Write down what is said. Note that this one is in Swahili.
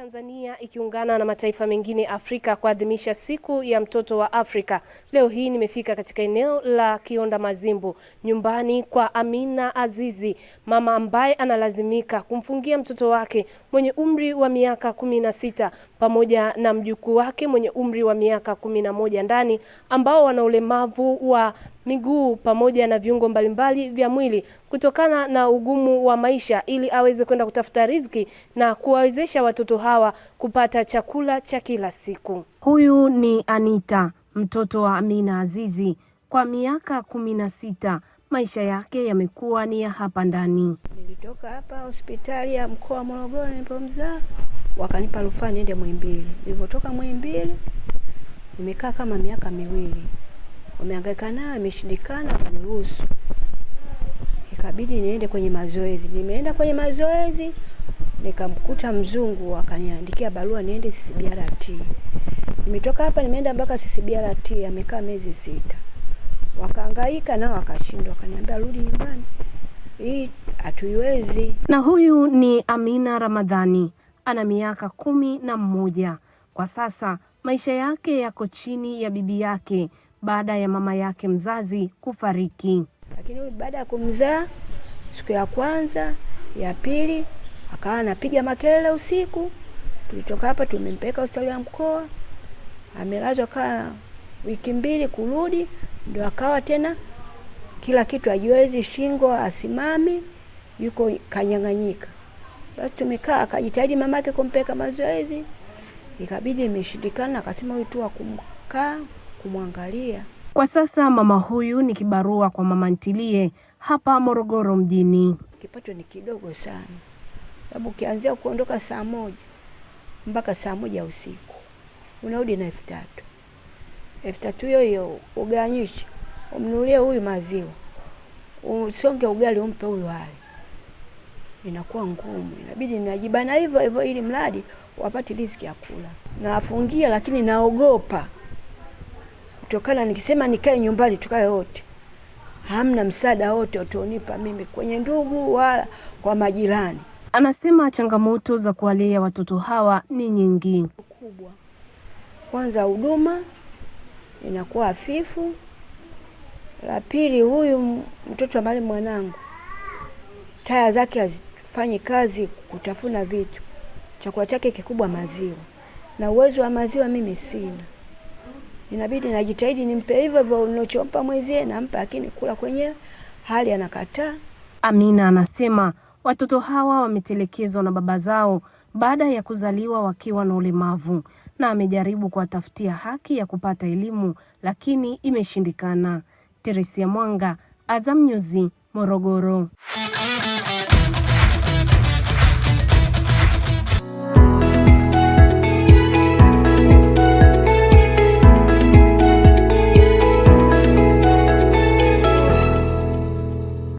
Tanzania ikiungana na mataifa mengine Afrika kuadhimisha siku ya mtoto wa Afrika. Leo hii nimefika katika eneo la Kionda Mazimbu, nyumbani kwa Amina Azizi, mama ambaye analazimika kumfungia mtoto wake mwenye umri wa miaka kumi na sita pamoja na mjukuu wake mwenye umri wa miaka kumi na moja ndani ambao wana ulemavu wa miguu pamoja na viungo mbalimbali vya mwili kutokana na ugumu wa maisha ili aweze kwenda kutafuta riziki na kuwawezesha watoto hawa kupata chakula cha kila siku. Huyu ni Anita, mtoto wa Amina Azizi. Kwa miaka kumi na sita maisha yake yamekuwa ni ya hapa ndani. Nilitoka hapa hospitali ya mkoa wa Morogoro nilipomzaa, wakanipa rufaa niende Muhimbili. Nilipotoka Muhimbili nimekaa kama miaka miwili wameangaika nayo, ameshindikana, kuniruhusu ikabidi niende kwenye mazoezi. Nimeenda kwenye mazoezi nikamkuta mzungu akaniandikia barua niende CCBRT. Nimetoka hapa nimeenda mpaka CCBRT, amekaa miezi sita, wakaangaika nao wakashindwa, akaniambia rudi nyumbani, hii hatuiwezi. Na huyu ni Amina Ramadhani, ana miaka kumi na mmoja kwa sasa. Maisha yake yako chini ya bibi yake baada ya mama yake mzazi kufariki. Lakini baada ya kumzaa, siku ya kwanza, ya pili, akawa anapiga makelele usiku. Tulitoka hapa tumempeleka hospitali ya mkoa, amelazwa kaa wiki mbili, kurudi ndo akawa tena kila kitu ajiwezi, shingo asimami, yuko kanyang'anyika. Basi tumekaa, akajitahidi mamake kumpeka mazoezi, ikabidi imeshindikana, akasema huyu tu kumkaa kumwangalia. Kwa sasa mama huyu ni kibarua kwa mama ntilie hapa Morogoro mjini. Kipato ni kidogo sana, sababu ukianzia kuondoka saa moja mpaka saa moja usiku unarudi na elfu tatu. Elfu tatu hiyo hiyo ugawanyishe, umnulie huyu maziwa, usonge ugali umpe huyu hali, inakuwa ngumu. Inabidi najibana hivyo hivyo, ili mradi wapate riziki ya kula. Nawafungia, lakini naogopa kutokana nikisema nikae nyumbani tukae wote, hamna msaada wote utonipa mimi kwenye ndugu wala kwa majirani. Anasema changamoto za kuwalea watoto hawa ni nyingi kubwa. Kwanza huduma inakuwa hafifu. La pili, huyu mtoto ambaye mwanangu taya zake hazifanyi kazi kutafuna vitu, chakula chake kikubwa maziwa, na uwezo wa maziwa mimi sina inabidi najitahidi nimpe hivyo hivyo unachompa mwezie nampa, lakini kula kwenyewe hali anakataa. Amina anasema watoto hawa wametelekezwa na baba zao baada ya kuzaliwa wakiwa na ulemavu, na amejaribu kuwatafutia haki ya kupata elimu lakini imeshindikana. Teresia Mwanga, Azam News, Morogoro.